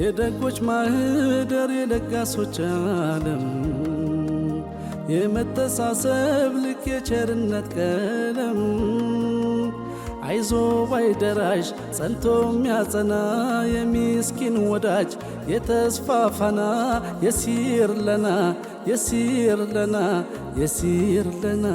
የደጎች ማህደር የለጋሶች ዓለም የመተሳሰብ ልክ የቸርነት ቀለም አይዞ ባይደራሽ ጸንቶ የሚያጸና የሚስኪን ወዳጅ የተስፋ ፋና የሲር ለና የሲር ለና የሲር ለና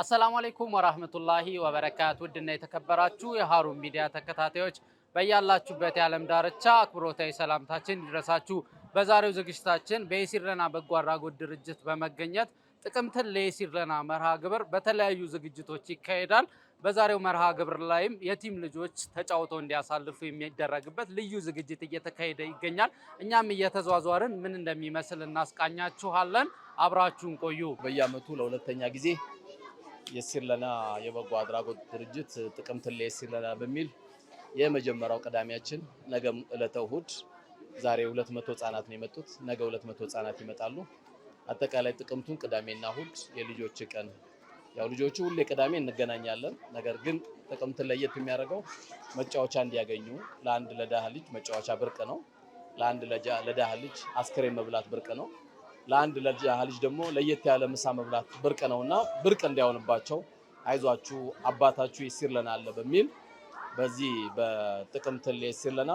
አሰላሙ አለይኩም ወራህመቱላሂ ወበረካቱ። ውድና የተከበራችሁ የሀሩን ሚዲያ ተከታታዮች በያላችሁበት የዓለም ዳርቻ አክብሮታዊ ሰላምታችን ይድረሳችሁ። በዛሬው ዝግጅታችን በየሲርለና በጎ አድራጎት ድርጅት በመገኘት ጥቅምትን ለየሲርለና መርሃ ግብር በተለያዩ ዝግጅቶች ይካሄዳል። በዛሬው መርሃ ግብር ላይም የቲም ልጆች ተጫውተው እንዲያሳልፉ የሚደረግበት ልዩ ዝግጅት እየተካሄደ ይገኛል። እኛም እየተዟዟርን ምን እንደሚመስል እናስቃኛችኋለን። አብራችሁን ቆዩ። በየዓመቱ ለሁለተኛ ጊዜ የሲርለና የበጎ አድራጎት ድርጅት ጥቅምት ላይ የሲርለና በሚል የመጀመሪያው ቅዳሜያችን ነገ ዕለተ እሁድ ዛሬ 200 ህጻናት ነው የመጡት። ነገ 200 ህጻናት ይመጣሉ። አጠቃላይ ጥቅምቱን ቅዳሜና እሁድ የልጆች ቀን ያው ልጆቹ ሁሌ ቅዳሜ እንገናኛለን። ነገር ግን ጥቅምት ለየት የሚያደርገው መጫወቻ እንዲያገኙ ለአንድ ለዳህ ልጅ መጫወቻ ብርቅ ነው። ለአንድ ለዳህ ልጅ አስክሬን መብላት ብርቅ ነው። ለአንድ ልጅ ደግሞ ለየት ያለ ምሳ መብላት ብርቅ እና ብርቅ እንዲያውንባቸው አይዟችሁ አባታችሁ የሲርለና አለ በሚል በዚህ በጥቅምት የሲርለና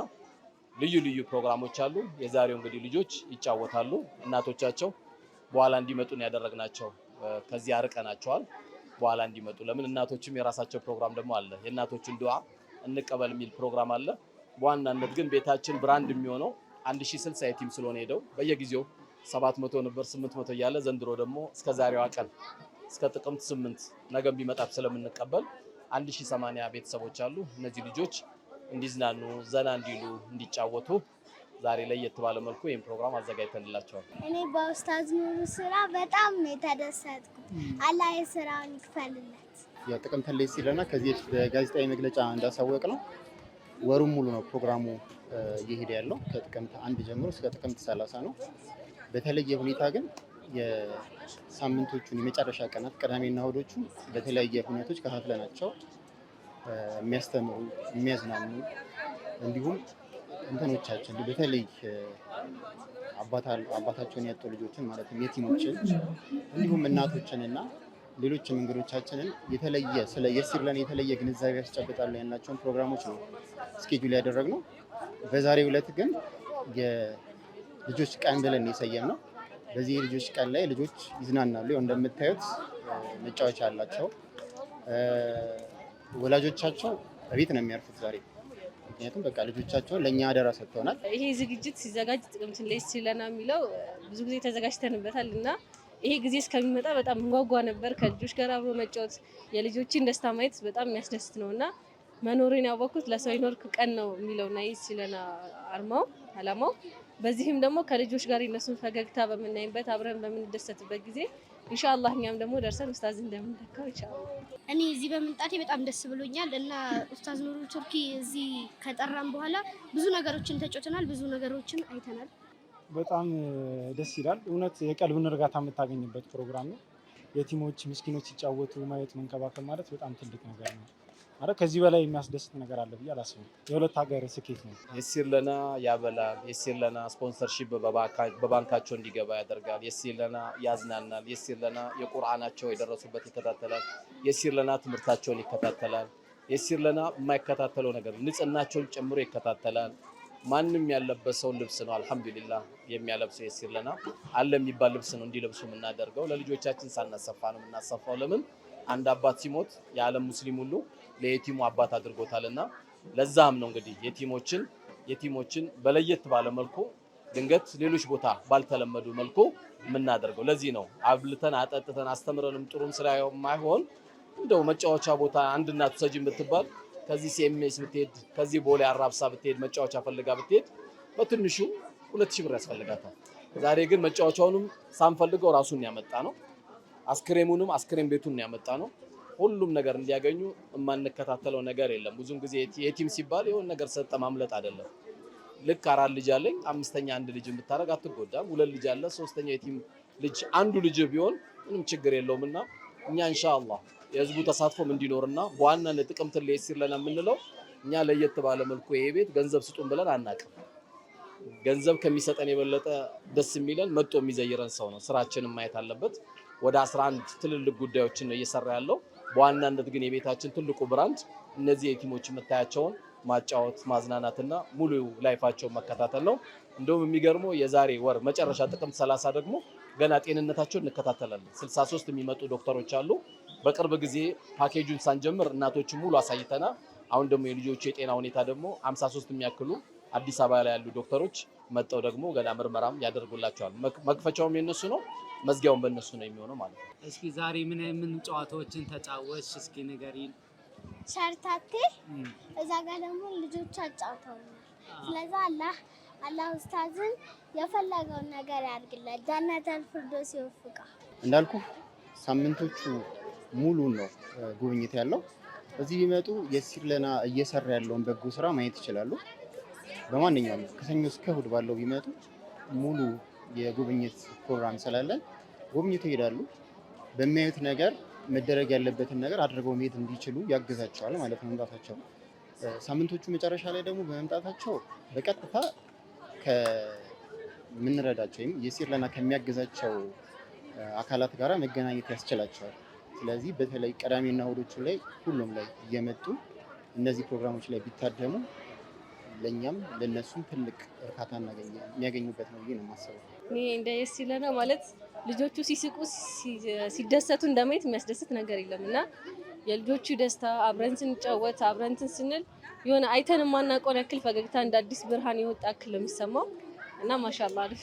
ልዩ ልዩ ፕሮግራሞች አሉ። የዛሬው እንግዲህ ልጆች ይጫወታሉ። እናቶቻቸው በኋላ እንዲመጡ ያደረግናቸው ከዚህ አርቀናቸዋል። በኋላ እንዲመጡ ለምን እናቶችም የራሳቸው ፕሮግራም ደግሞ አለ። የእናቶችን ድዋ እንቀበል የሚል ፕሮግራም አለ። በዋናነት ግን ቤታችን ብራንድ የሚሆነው አንድ ሺህ ስልሳ የቲም ስለሆነ ሄደው በየጊዜው ሰባት 700 ነበር መቶ እያለ ዘንድሮ ደግሞ እስከ ዛሬዋ ቀን እስከ ጥቅምት ስምንት ነገም ቢመጣ ስለምንቀበል አንድ 1080 ቤተሰቦች አሉ። እነዚህ ልጆች እንዲዝናኑ ዘና እንዲሉ እንዲጫወቱ ዛሬ ለየት ባለ መልኩ ይህን ፕሮግራም አዘጋጅተንላቸዋል። እኔ በኡስታዝ ሙሩ ስራ በጣም ነው የተደሰትኩት። አላ የስራውን ይክፈልለት። የጥቅምት ላይ ሲለና ከዚህ በፊት በጋዜጣዊ መግለጫ እንዳሳወቅ ነው ወሩም ሙሉ ነው ፕሮግራሙ እየሄደ ያለው ከጥቅምት አንድ ጀምሮ እስከ ጥቅምት ሰላሳ ነው። በተለየ ሁኔታ ግን የሳምንቶቹን የመጨረሻ ቀናት ቅዳሜና እሁዶቹ በተለያየ ሁኔታዎች ከታትለናቸው የሚያስተምሩ የሚያዝናኑ እንዲሁም እንትኖቻችን በተለይ አባታቸውን ያጡ ልጆችን ማለትም የቲሞችን እንዲሁም እናቶችን እና ሌሎች መንገዶቻችንን የተለየ ስለ የሲር ለን የተለየ ግንዛቤ ያስጨብጣሉ ያላቸውን ፕሮግራሞች ነው እስኬጁል ያደረግነው። በዛሬው ዕለት ግን ልጆች ቀን ብለን የሰየም ነው። በዚህ የልጆች ቀን ላይ ልጆች ይዝናናሉ። ያው እንደምታዩት መጫወቻ አላቸው። ወላጆቻቸው በቤት ነው የሚያርፉት ዛሬ ምክንያቱም በቃ ልጆቻቸውን ለእኛ አደራ ሰጥተውናል። ይሄ ዝግጅት ሲዘጋጅ ጥቅምት ላይ ሲለና የሚለው ብዙ ጊዜ ተዘጋጅተንበታል እና ይሄ ጊዜ እስከሚመጣ በጣም እንጓጓ ነበር። ከልጆች ጋር አብሮ መጫወት የልጆችን ደስታ ማየት በጣም የሚያስደስት ነው እና መኖሩን ያወቅኩት ለሰው ይኖርክ ቀን ነው ና ይህ ሲለና አርማው አላማው በዚህም ደግሞ ከልጆች ጋር የነሱን ፈገግታ በምናይበት አብረን በምንደሰትበት ጊዜ ኢንሻአላህ እኛም ደግሞ ደርሰን ኡስታዝ እንደምንተካው ይቻላል። እኔ እዚህ በመምጣቴ በጣም ደስ ብሎኛል እና ኡስታዝ ኑሩ ቱርኪ እዚህ ከጠራም በኋላ ብዙ ነገሮችን ተጮተናል። ብዙ ነገሮችን አይተናል። በጣም ደስ ይላል። እውነት የቀልብን እርጋታ የምታገኝበት ፕሮግራም ነው። የቲሞች ምስኪኖች ሲጫወቱ ማየት መንከባከብ ማለት በጣም ትልቅ ነገር ነው። አረ ከዚህ በላይ የሚያስደስት ነገር አለ ብዬ አላስብም። የሁለት ሀገር ስኬት ነው። የሲር ለና ያበላል። የሲር ለና ስፖንሰርሺፕ በባንካቸው እንዲገባ ያደርጋል። የሲር ለና ያዝናናል። የሲር ለና የቁርአናቸው የደረሱበት ይከታተላል። የሲር ለና ትምህርታቸውን ይከታተላል። የሲር ለና የማይከታተለው ነገር ንጽህናቸውን ጨምሮ ይከታተላል። ማንም ያለበሰው ልብስ ነው አልሐምዱሊላ የሚያለብሰው የሲር ለና አለ የሚባል ልብስ ነው እንዲለብሱ የምናደርገው። ለልጆቻችን ሳናሰፋ ነው የምናሰፋው። ለምን አንድ አባት ሲሞት የዓለም ሙስሊም ሁሉ ለየቲሙ አባት አድርጎታልና ለዛም ነው እንግዲህ የቲሞችን የቲሞችን በለየት ባለ መልኩ ድንገት ሌሎች ቦታ ባልተለመዱ መልኩ የምናደርገው ለዚህ ነው። አብልተን አጠጥተን አስተምረንም ጥሩም ስራ የማይሆን እንደው መጫወቻ ቦታ አንድ እናት ሰጂ ብትባል ከዚህ ሲኤምኤስ ብትሄድ ከዚህ ቦሌ አራብሳ ብትሄድ መጫወቻ ፈልጋ ብትሄድ በትንሹ ሁለት ሺህ ብር ያስፈልጋታል። ዛሬ ግን መጫወቻውንም ሳንፈልገው ራሱን ያመጣ ነው። አስክሬሙንም አስክሬም ቤቱን ያመጣ ነው። ሁሉም ነገር እንዲያገኙ የማንከታተለው ነገር የለም። ብዙን ጊዜ የቲም ሲባል የሆነ ነገር ሰጠ ማምለጥ አይደለም። ልክ አራት ልጅ አለኝ አምስተኛ አንድ ልጅ ብታደርግ አትጎዳም። ሁለት ልጅ አለ ሶስተኛ የቲም ልጅ አንዱ ልጅ ቢሆን ምንም ችግር የለውም። እና እኛ እንሻላ የህዝቡ ተሳትፎም እንዲኖርና በዋናነት ጥቅምት ለየሲር ለና የምንለው እኛ ለየት ባለ መልኩ ይሄ ቤት ገንዘብ ስጡን ብለን አናቅም። ገንዘብ ከሚሰጠን የበለጠ ደስ የሚለን መጦ የሚዘይረን ሰው ነው። ስራችንም ማየት አለበት። ወደ 11 ትልልቅ ጉዳዮችን ነው እየሰራ ያለው። በዋናነት ግን የቤታችን ትልቁ ብራንድ እነዚህ የቲሞች የምታያቸውን ማጫወት ማዝናናትና ሙሉ ላይፋቸውን መከታተል ነው። እንደውም የሚገርመው የዛሬ ወር መጨረሻ ጥቅምት 30 ደግሞ ገና ጤንነታቸውን እንከታተላለን። 63 የሚመጡ ዶክተሮች አሉ። በቅርብ ጊዜ ፓኬጁን ሳንጀምር እናቶችን ሙሉ አሳይተና አሁን ደግሞ የልጆቹ የጤና ሁኔታ ደግሞ 53 የሚያክሉ አዲስ አበባ ላይ ያሉ ዶክተሮች መጠው ደግሞ ገና ምርመራም ያደርጉላቸዋል። መክፈቻውም የነሱ ነው። መዝጊያውን በእነሱ ነው የሚሆነው ማለት ነው። እስኪ ዛሬ ምን ምን ጨዋታዎችን ተጫወች? እስኪ ንገሪን። ሸርታቴ እዛ ጋር ደግሞ ልጆች አጫውተውናል። ስለዛ አላህ አላህ ኡስታዝን የፈለገውን ነገር ያድርግለት፣ ጀነተል ፊርዶስ ይወፍቃ። እንዳልኩ ሳምንቶቹ ሙሉ ነው ጉብኝት ያለው። እዚህ ቢመጡ የሲርለና እየሰራ ያለውን በጎ ስራ ማየት ይችላሉ። በማንኛውም ከሰኞ እስከ እሑድ ባለው ቢመጡ ሙሉ የጉብኝት ፕሮግራም ስላለን ጉብኝቱ ይሄዳሉ። በሚያዩት ነገር መደረግ ያለበትን ነገር አድርገው መሄድ እንዲችሉ ያግዛቸዋል ማለት ነው መምጣታቸው። ሳምንቶቹ መጨረሻ ላይ ደግሞ በመምጣታቸው በቀጥታ ከምንረዳቸው ወይም የሲርለና ከሚያግዛቸው አካላት ጋር መገናኘት ያስችላቸዋል። ስለዚህ በተለይ ቀዳሚና እሁዶቹ ላይ ሁሉም ላይ እየመጡ እነዚህ ፕሮግራሞች ላይ ቢታደሙ ለእኛም ለነሱም ትልቅ እርካታ የሚያገኙበት ነው ብዬ ነው የማስበው። እኔ እንደ ደስ ይለና ማለት ልጆቹ ሲስቁ ሲደሰቱ እንደማየት የሚያስደስት ነገር የለም እና የልጆቹ ደስታ አብረን ስንጫወት አብረንትን ስንል የሆነ አይተን የማናውቀውን ያክል ፈገግታ እንደ አዲስ ብርሃን የወጣ ያክል የሚሰማው እና ማሻላ አሪፍ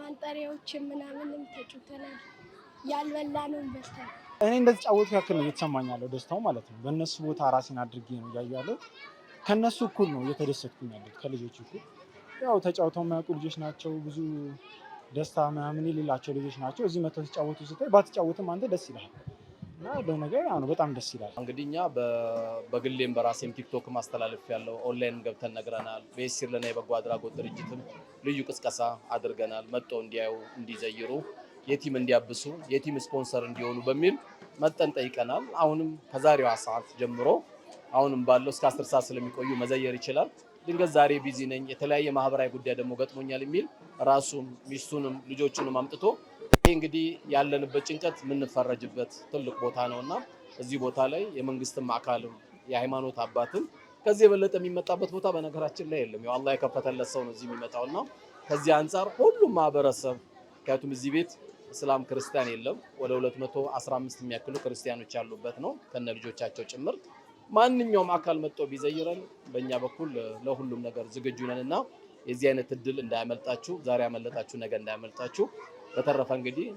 ማንጠሪያዎች ምናምንም ተጫውተናል። ያልበላ ነው በልተናል። እኔ እንደተጫወቱ ያክል ነው እየተሰማኝ ያለው ደስታው ማለት ነው። በእነሱ ቦታ ራሴን አድርጌ ነው እያዩ ያለው ከነሱ እኩል ነው እየተደሰትኩኝ ያለሁት ከልጆች እኩል። ያው ተጫውተው የማያውቁ ልጆች ናቸው። ብዙ ደስታ ምናምን የሌላቸው ልጆች ናቸው። እዚህ መተው ሲጫወቱ ስታይ ባትጫወትም አንተ ደስ ይልሃል እና ለነገር ነው በጣም ደስ ይላል። እንግዲህ እኛ በግሌም በራሴም ቲክቶክ ማስተላለፍ ያለው ኦንላይን ገብተን ነግረናል። በኤሲር ለና የበጎ አድራጎት ድርጅትም ልዩ ቅስቀሳ አድርገናል። መጥተው እንዲያዩ፣ እንዲዘይሩ፣ የቲም እንዲያብሱ፣ የቲም ስፖንሰር እንዲሆኑ በሚል መጠን ጠይቀናል። አሁንም ከዛሬዋ ሰዓት ጀምሮ አሁንም ባለው እስከ አስር ሰዓት ስለሚቆዩ መዘየር ይችላል። ድንገት ዛሬ ቢዚ ነኝ፣ የተለያየ ማህበራዊ ጉዳይ ደግሞ ገጥሞኛል የሚል ራሱም ሚስቱንም ልጆቹንም አምጥቶ ይህ እንግዲህ ያለንበት ጭንቀት የምንፈረጅበት ትልቅ ቦታ ነው እና እዚህ ቦታ ላይ የመንግስትም አካልም የሃይማኖት አባትም ከዚህ የበለጠ የሚመጣበት ቦታ በነገራችን ላይ የለም። ያው አላህ የከፈተለት ሰው ነው እዚህ የሚመጣው እና ከዚህ አንጻር ሁሉም ማህበረሰብ ምክንያቱም እዚህ ቤት እስላም ክርስቲያን የለም። ወደ 215 የሚያክሉ ክርስቲያኖች ያሉበት ነው ከነ ልጆቻቸው ጭምር ማንኛውም አካል መጥቶ ቢዘይረን በእኛ በኩል ለሁሉም ነገር ዝግጁ ነን እና የዚህ አይነት እድል እንዳያመልጣችሁ፣ ዛሬ ያመለጣችሁ ነገ እንዳያመልጣችሁ። በተረፈ እንግዲህ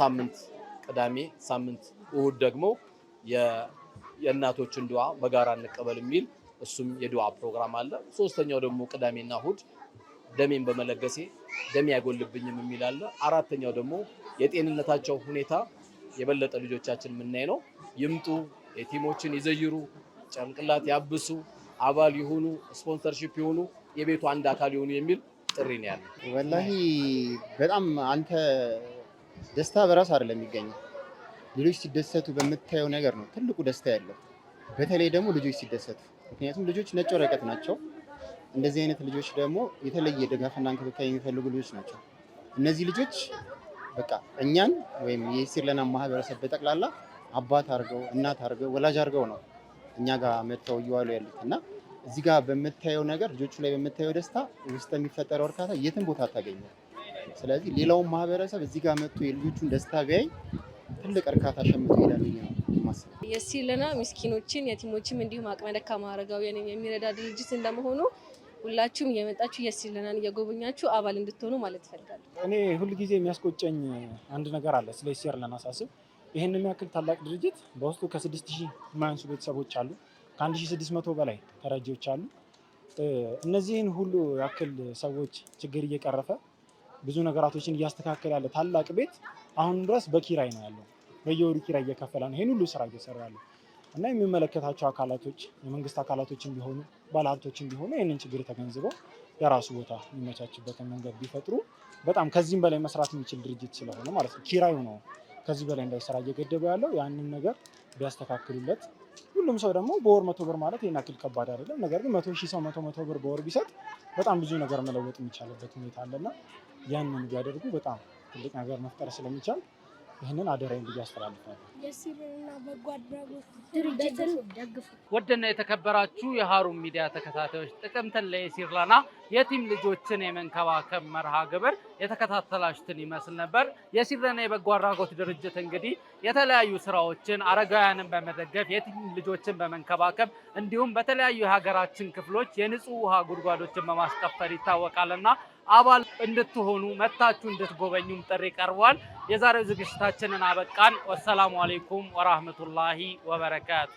ሳምንት ቅዳሜ፣ ሳምንት እሁድ ደግሞ የእናቶችን ድዋ በጋራ እንቀበል የሚል እሱም የድዋ ፕሮግራም አለ። ሶስተኛው ደግሞ ቅዳሜና እሁድ ደሜን በመለገሴ ደሜ አይጎልብኝም የሚል አለ። አራተኛው ደግሞ የጤንነታቸው ሁኔታ የበለጠ ልጆቻችን የምናይ ነው። ይምጡ የቲሞችን ይዘይሩ፣ ጭንቅላት ያብሱ፣ አባል ይሁኑ፣ ስፖንሰርሺፕ ይሁኑ፣ የቤቱ አንድ አካል ይሁኑ የሚል ጥሪ ነው ያለ። ወላሂ በጣም አንተ ደስታ በራስ አይደለም የሚገኘው ልጆች ሲደሰቱ በምታየው ነገር ነው ትልቁ ደስታ ያለው። በተለይ ደግሞ ልጆች ሲደሰቱ፣ ምክንያቱም ልጆች ነጭ ወረቀት ናቸው። እንደዚህ አይነት ልጆች ደግሞ የተለየ ድጋፍና እንክብካቤ የሚፈልጉ ልጆች ናቸው። እነዚህ ልጆች በቃ እኛን ወይም የሲርለና ማህበረሰብ በጠቅላላ አባት አድርገው እናት አድርገው ወላጅ አድርገው ነው እኛ ጋር መጥተው እየዋሉ ያሉት እና እዚህ ጋር በምታየው ነገር ልጆቹ ላይ በምታየው ደስታ ውስጥ የሚፈጠረው እርካታ የትም ቦታ አታገኘው። ስለዚህ ሌላውን ማህበረሰብ እዚህ ጋር መጥቶ የልጆቹን ደስታ ቢያይ ትልቅ እርካታ ሸምቶ ይሄዳል ብዬ ነው የማስበው። የሲልና ምስኪኖችን የቲሞችም እንዲሁም አቅመ ደካማ አረጋውያንን የሚረዳ ድርጅት እንደመሆኑ ሁላችሁም የመጣችሁ የሲልናን እየጎበኛችሁ አባል እንድትሆኑ ማለት እፈልጋለሁ። እኔ ሁልጊዜ የሚያስቆጨኝ አንድ ነገር አለ ስለ ሲር ሳስብ ይህን የሚያክል ታላቅ ድርጅት በውስጡ ከ6000 የማያንሱ ቤተሰቦች አሉ። ከ1600 በላይ ተረጂዎች አሉ። እነዚህን ሁሉ ያክል ሰዎች ችግር እየቀረፈ ብዙ ነገራቶችን እያስተካከለ ያለ ታላቅ ቤት አሁን ድረስ በኪራይ ነው ያለው። በየወሩ ኪራይ እየከፈለ ነው ይህን ሁሉ ስራ እየሰራ ያለው እና የሚመለከታቸው አካላቶች የመንግስት አካላቶችም ቢሆኑ ባለሀብቶችም ቢሆኑ ይህንን ችግር ተገንዝበው የራሱ ቦታ የሚመቻችበትን መንገድ ቢፈጥሩ በጣም ከዚህም በላይ መስራት የሚችል ድርጅት ስለሆነ ማለት ነው ኪራዩ ነው ከዚህ በላይ እንዳይሰራ እየገደበ ያለው ያንን ነገር ቢያስተካክሉለት። ሁሉም ሰው ደግሞ በወር መቶ ብር ማለት ይህን አክል ከባድ አይደለም። ነገር ግን መቶ ሺህ ሰው መቶ መቶ ብር በወር ቢሰጥ በጣም ብዙ ነገር መለወጥ የሚቻልበት ሁኔታ አለና ያንን ቢያደርጉ በጣም ትልቅ ነገር መፍጠር ስለሚቻል ይህንን አደራዬን ብዬ አስተላልፋለሁ። ውድና የተከበራችሁ የሀሩን ሚዲያ ተከታታዮች ጥቅምትን ለየሲር ለና የቲም ልጆችን የመንከባከብ መርሃ ግብር የተከታተላችሁትን ይመስል ነበር። የሲር ለና የበጎ አድራጎት ድርጅት እንግዲህ የተለያዩ ስራዎችን አረጋውያንን በመደገፍ የቲም ልጆችን በመንከባከብ እንዲሁም በተለያዩ የሀገራችን ክፍሎች የንጹህ ውሃ ጉድጓዶችን በማስቀፈር ይታወቃልና አባል እንድትሆኑ መታችሁ እንድትጎበኙም ጥሪ ቀርቧል። የዛሬው ዝግጅታችንን አበቃን። ወሰላሙ አሌይኩም ወራህመቱላሂ ወበረካቱ።